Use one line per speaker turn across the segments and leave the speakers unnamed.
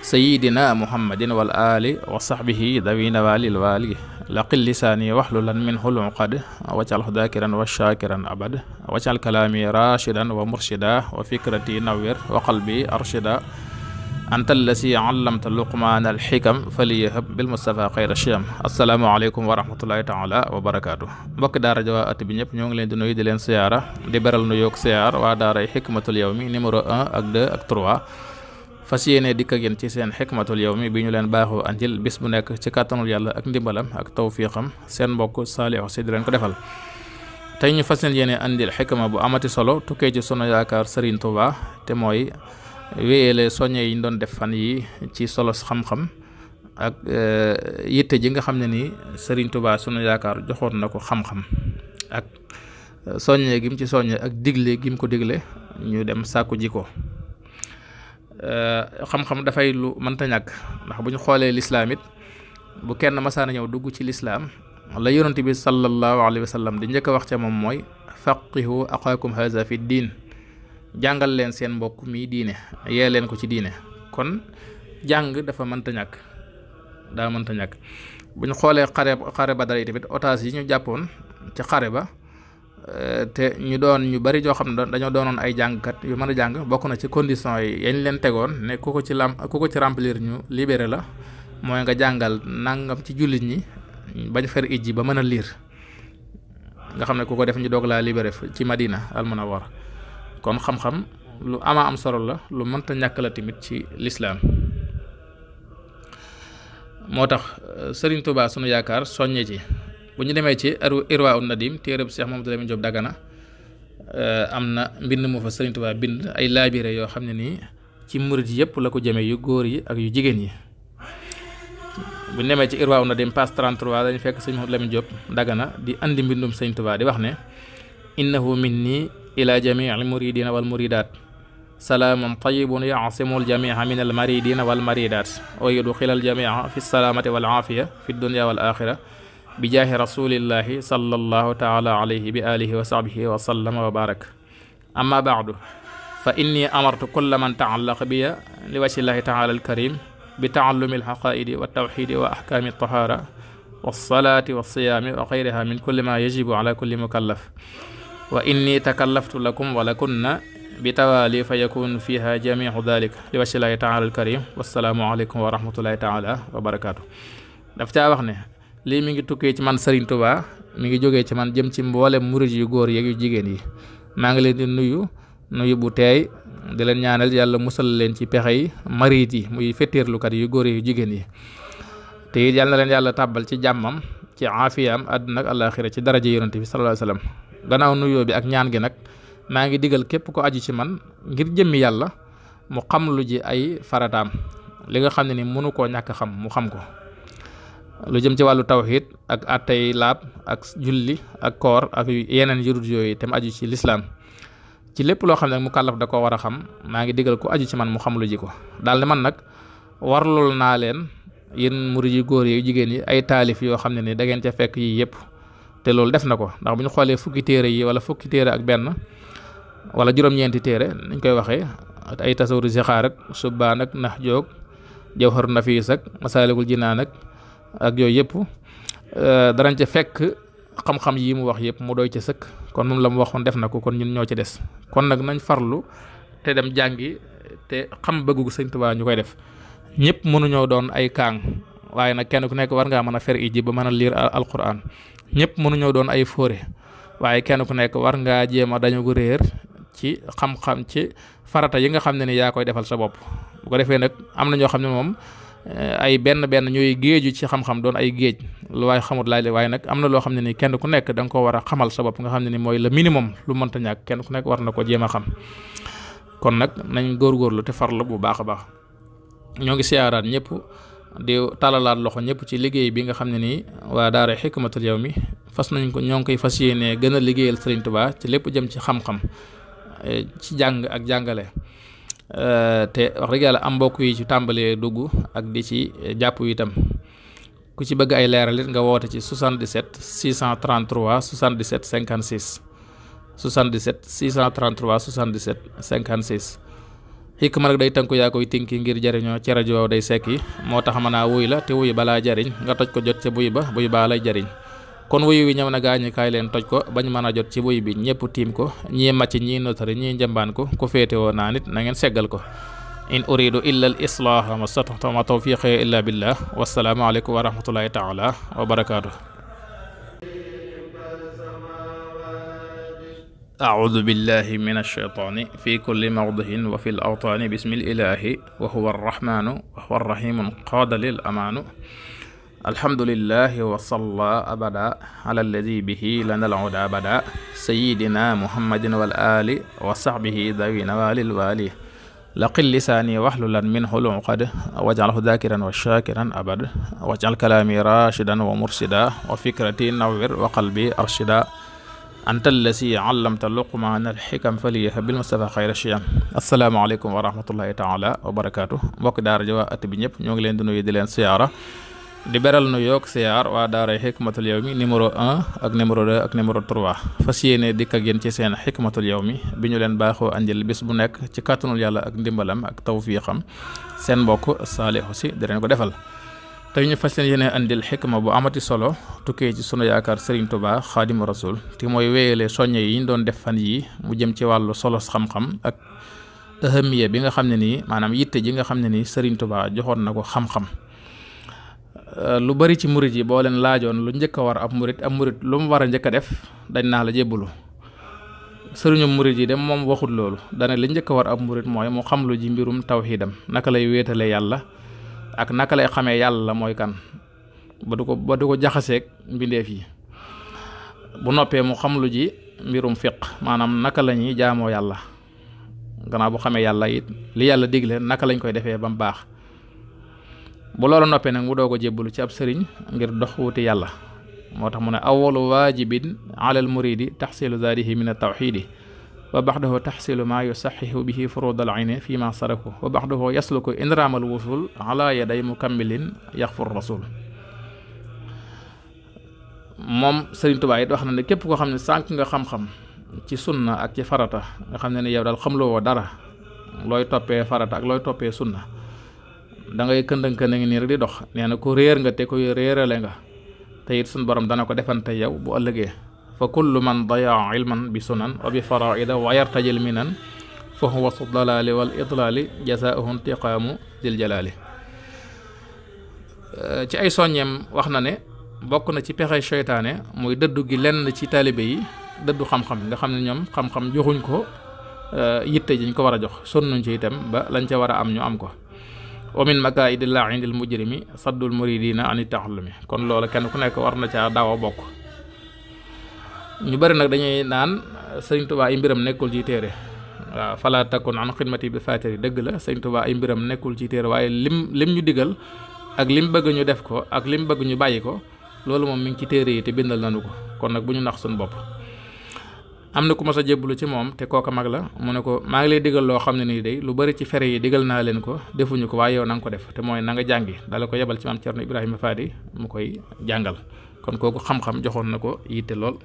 sayidina muhammadin wal ali wa sahbihi dawina walil wali laqil lisaani waxlulan minhu lunqad wacalhu dakiran wa shakiran abad wacal kalaami rashidan wa murshida wa fikrati nawir wa qalbi arshida anta allasi allamta luqmaan alxikam faliyahab bil mustafa xayra shiyam asalaamu aleykum wa rahmatullahi taala wa barakaatu mbokki daara ja waa at bi ñëpp ñoo ngi leen di nuyu di leen siyaara di beral nu yoog siyaar waa daaray xikmatul yawmi numéro 1 ak 2 ak 3 fas yéene dikk ak yéen ci seen xikmatul yow mi bi ñu leen baaxoo andil bis bu nekk ci kàttanul yàlla ak ndimbalam ak tawfiqam seen mbokk Saliou Sy di leen ko defal tey ñu fas yéene andil xikma bu amati solo tukkee ci sunu yaakaar Serigne Touba te mooy wéyale soññe yi ñu doon def fan yi ci solo xam-xam ak eh, yitte ji nga xam ne nii Serigne Touba sunu yaakaar joxoon na ko xam-xam ak eh, soññee gim ci soññee ak digle gim ko digle ñu dem sàkku ji ko Euh, xam-xam dafay lu mënta ñàkk ndax bu ñu xoolee lislaam it bu kenn masaana ñëw dugg ci lislaam la yonent bi sallallahu alayhi wa sallam di njëkk wax ca moom mooy faqihu aqaakum haza fi diin jàngal leen seen mbokk mii diine yee leen ko ci diine kon jàng dafa mënta ñàkk daa mënta ñàkk bu ñu xoolee xare xare ba dara yi yi ñu jàppoon ci xare ba Euh, te ñu doon ñu bari joo xam ne dañoo doonoon ay jàngkat yu mën a jàng bokk na ci condition yi yañ leen tegoon ne ku ko ci lam ku ko ci remplir ñu libéré la mooy nga jàngal nàngam ci jullit ñi bañ fer ijji ba mën a liir nga xam ne ku ko def ñu doog laa libéré ci Madina al Munawwara kon xam-xam lu ama am solo la lu mënta ñàkk la tamit ci lislaam moo tax Serigne Touba sunu yaakaar soññee ci bu ñu demee ci irwa un nadim téereb Cheikh Mamadou Lamine Diop Dagana euh, am na mbind mu fa Sëriñ Tuubaa ay laabire yoo xam ne nii ci murit yëpp la ko jëmee yu góor yi ak yu jigéen yi bu ñu demee ci irwa un nadim page 33 dañu fekk Sëriñ Mamadou Lamine Diop Dagana di andi mbindum Sëriñ Tuubaa di wax ne innahu minni ila jamiil muridina wal muridaat salaamun tayyibun ya'simul jamii'a minal maridiina wal maridaat wa yudxilal jamii'a fi salaamati wal aafiya fi dunya wal aaxira bi jaahi rasulillahi sallallahu taala alayhi bi alihi wa sahbihi wa sallama wa barak amma baadu fa inni amartu kulla man taallaqa biya li wajhillahi taala alkarim bi taallumi alxaqaidi wa tawxidi wa axkaami altahara walsalaati walsiyaami wa xayriha min kulli ma yajibu ala kulli mukallaf wa inni takallaftu lakum wa lakunna bi tawaali fa yakunu fiha jamiu dalik li wajhillahi taala alkarim wassalaamu aleykum wa rahmatullahi taala wa barakatuh daf caa wax ne lii mi ngi tukkee ci man Serigne Touba mi ngi jógee ci man jëm ci mboolem murid yu góor yeeg yu jigéen yi maa ngi leen di nuyu nuyu bu teey di leen ñaanal yàlla musal leen ci pexe yi marit yi muy fetteerlukat yu góor yu jigéen yi te it yàlla na leen yàlla tàbbal ci jàmmam ci aafiyaam àdduna ak alaaxira ci daraja yonante bi sallallahu alayhi wasallam gannaaw nuyoo bi ak ñaan gi nag maa ngi digal képp ko aju ci man ngir jëmmi yàlla mu xam lu ji ay farataam li nga xam ne ni mënu koo ñàkk xam mu xam ko lu jëm ci wàllu tawxiid ak attey laab ak julli ak koor ak yeneen yurut yooyu te mu aju ci lislaam ci lépp loo xam ne mu kàllaf da ko war a xam maa ngi diggal ko aju ci man mu xam lu ji ko daal ne man nag war warlul naa leen yenn murid yu góor yu jigéen yi ay taalif yoo xam ne ni da ngeen ca fekk yii yëpp te loolu def na ko ndax bu ñu xoolee fukki téere yi wala fukki téere ak benn wala juróom-ñeenti téere niñ koy waxee ay tasawuru sixaar ak subbaan nax joog jawhar nafiis ak ak yooyu yëpp euh, darañ ca fekk xam-xam yi mu wax yëpp mu doy ca sëkk kon moom la mu waxoon def na ko kon ñun ñoo ci des kon nag nañ farlu te dem jàngi te xam bëggu Sëñ Tuubaa ñu koy def ñëpp mënuñoo doon ay kaang waaye nag kenn ku nekk war ngaa mën a fer i ba mën a liir alquran ñëpp mënuñoo doon ay fóore waaye kenn ku nekk war ngaa jéem a dañu ko réer ci xam-xam ci farata yi nga xam ne ni yaa koy defal sa bopp bu ko defee nag am na ñoo xam ne moom Eh, ay benn benn ñooy géeju ci xam-xam doon ay géej lu waaye xamut laaj la waaye nag am na loo xam ne ni kenn ku nekk da nga ko war a xamal sa bopp nga xam ne ni mooy le minimum lu mënta ñàkk kenn ku nekk war na ko jéem a xam kon nag nañ góor góorgóorlu te farlu bu baax a baax ñoo ngi siyaaraat ñëpp di talalaat loxo ñëpp ci liggéey bi nga xam ne nii waa daara xikmatul mi fas nañ ko ñoo ngi koy fas yéenee gën a liggéeyal Sëriñ Tuubaa ci lépp jëm ci xam-xam eh, jàng ak jàngale Euh, te wax dëgg yàlla am mbokk yi ci tàmbalee dugg ak di ci jàpp itam ku ci bëgg ay leeral it nga woote ci 77 633 77 56 77 633 77 56 xikma nag day tënku yaa koy tinki ngir jariñoo ci rajo day sekki moo tax ma naa wuy la te wuy balaa jariñ nga toj ko jot ca buy ba buy baa lay jariñ kon wuyu wi ñëw na gaañi leen toj ko bañ mën a jot ci wuyu bi ñëpp tiim ko ñii màcc ñii notari ñii njëmbaan ko ku féete woo naa seggal ko in uridu illa al islaaha ma stataxta ma tawfiqi illa billah wassalaamu aleykum wa taala wa barakaatu أعوذ بالله من الشيطان في كل موضع وفي الأوطان بسم الإله وهو الرحمن وهو alhamdulillahi wasalla abada ala alladi bihi lana alhuda abada sayidina muhammadin wal ali wa sahbihi dawi nawalil wali laqil lisaani waxlulan min hulum qad wajalhu dakiran wa shakiran abad wajal kalaami rashidan wa mursida wa fikrati nawwir wa qalbi arshida anta allasi allamta luqmaana alxikam faliyaha bil mustafa xayra shiyam asalaamaaleykum wa rahmatullahi taala wa barakaatu mbokk daara ja waa at bi ñëpp ñoo ngi leen di nuyu di leen siyaara di beral nu yokk siyaar waa daaray xikmatul yawmi numéro 1 ak numéro 2 ak numéro 3 fas yéene dikk ak ci seen xikmatul mi bi ñu leen baaxoo andil bés bu nekk ci kàttanul yàlla ak ndimbalam ak taw xam seen mbokk Saalihu Si di leen ko defal te ñu fas yéene andil xikma bu amati solo tukkee ci sunu yaakaar Serigne Touba Xaadimu Rasuul te mooy wéyale soññe yi ñu doon def fan yi mu jëm ci wàllu solo xam-xam ak ahamiya bi nga xam ne nii maanaam yitte ji nga xam ne nii Serigne Touba joxoon na ko xam Euh, lu bari ci murit yi boo leen laajoon lu njëkk war ab murit ab murit lu mu war a njëkk a def dañ naa la jébbalu sëriñu murit yi de moom waxut loolu dana lu njëkk a war ab murit mooy mu xam ji mbirum tawxiidam naka lay wéetale yàlla ak naka lay xamee yàlla mooy kan ba du ko ba du ko bu noppee mu xam ji mbirum fiq maanaam naka la ñuy jaamoo yàlla gannaaw bu xamee yàlla li yàlla digle naka lañ koy defee ba mu baax bu loolu noppee nag mu doo ko jébbalu ci ab sëriñ ngir dox wuti yàlla moo tax mu ne awalu waajibin alal muridi taxsilu zaadihi min at-tawxiidi wa baxdahu taxsilu maa yusaxihu bihi furud al-ayni fi ma saraku wa baxdahu yasluku indraamal wusul ala yaday mukammilin yaxfur rasul moom sëriñ Tuubaa it wax na ne képp koo xam ne sànq nga xam-xam ci sunna ak ci farata nga xam ne ne yow daal xamloo woo dara looy toppee farata ak looy toppee sunna da ngay këndëng-këndëng nii rek di dox nee na ku réer nga te ku réerale nga te it suñ borom dana ko defante yow bu ëllëgee fa kullu man dayaa man bi sunan wa bi faraida wa yartajil minan fa wax su dalaali wal idlaali jazaauhu intiqaamu jël jalaali ci ay soññeem wax na ne bokk na ci pexe seytaane muy dëddu gi lenn ci taalibe yi dëddu xam-xam nga xam ne ñoom xam-xam joxuñ ko yitte ji ñu ko war a jox sonnuñ ci itam ba lañ ca war a am ñu am ko wa min makaayidi la'ini l mujrimi saddul muridina ani ta'allumi kon loola kenn ku nekk war na caa daaw a bokk ñu bari nag dañuy naan sëriñ Tuubaa ay mbiram nekkul ci téere waaw fala takun an xidmati bi faatiri dëgg la sëriñ Tuubaa ay mbiram nekkul ci téere waaye lim lim ñu digal ak lim bëgg ñu def ko ak lim bëgg ñu bàyyi ko loolu moom mi ngi ci téere yi te bindal nañu ko kon nag bu ñu nax suñu bopp am na ku mas a jébbalu ci moom te kooka mag la mu ne ko maa ngi lay digal loo xam ne nii day lu bari ci fere yi digal naa leen ko defuñu ko waaye yow na ko def te mooy na nga jàngi dala ko yebal ci maam Cerno Ibrahima Faadi mu koy jàngal kon kooku xam joxoon na ko yitte lool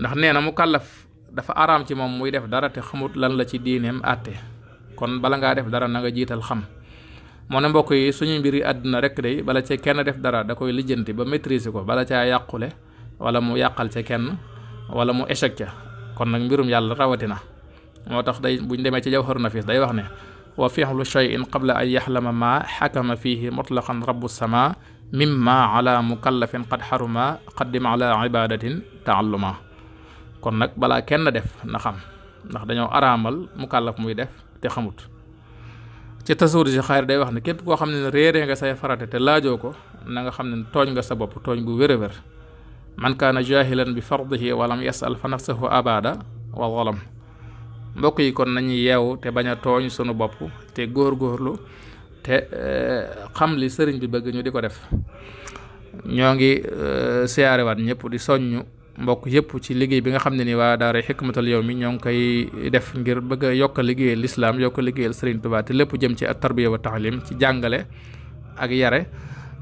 ndax nee na mu kàllaf dafa araam ci moom muy def dara te xamut lan la ci diineem àtte kon bala ngaa def dara na nga jiital xam moo ne mbokk yi suñu mbir àdduna rek day bala ca kenn def dara da koy lijjanti ba maîtriser ko bala caa yàqule wala mu yàqal ca kenn wala mu échec ca kon nag mbirum yàlla rawatina moo tax day buñ demee ci jawharu nafis day wax ne wa fi'lu shay'in qabla an yaxlama ma xakama fihi mutlaqan rabbu sama mimma ala mukallafin qad xaruma qaddim ala ibadatin taalluma kon nag balaa kenn def na xam ndax dañoo araamal mukallaf muy def te xamut ci tasawur si xaar day wax ne képp koo xam ne réeree nga say farate te laajoo ko na nga xam ne tooñ nga sa bopp tooñ bu wér a wér man kaana jaahilan bi fardihi walam yasal fa nafsahu abada wa zalam mbokk yi kon nañu yeewu te bañ a tooñ sunu bopp te góor-góorlu te eh, xam li sëriñ bi bëgg ñu di ko def ñoo ngi eh, siyaarewaat ñëpp di soññ mbokk yëpp ci liggéey bi nga xam ne ni waa daara xikmatul yawmi ñoo ngi koy def ngir bëgg a yokk a liggéeyal lislaam yokk a liggéeyal sëriñ Tuubaa te lépp jëm ci at tarbiya wa taalim ci jàngale ak yare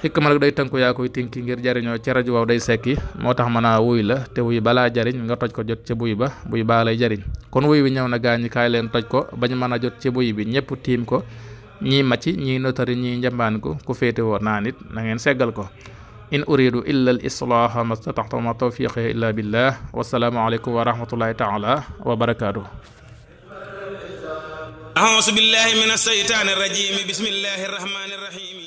xikma nag day tënku yaa koy tinki ngir jariñoo ci rajo day sekki moo tax mën wuy la te wuy balaa jariñ nga toj ko jot ci buy ba buy baa lay jariñ kon wuy bi ñëw na gaañi kaay leen toj ko bañ mën jot ci buy bi ñëpp tiim ko ñii macc ñii notari ñii njambaan ko ku féete woo naa nit na seggal ko in uridu illa al islaaha mastataxta ma tawfiqi illa billah wasalaamu aleykum wa rahmatullahi taala wa barakaatuh أعوذ بالله من الشيطان الرجيم بسم الله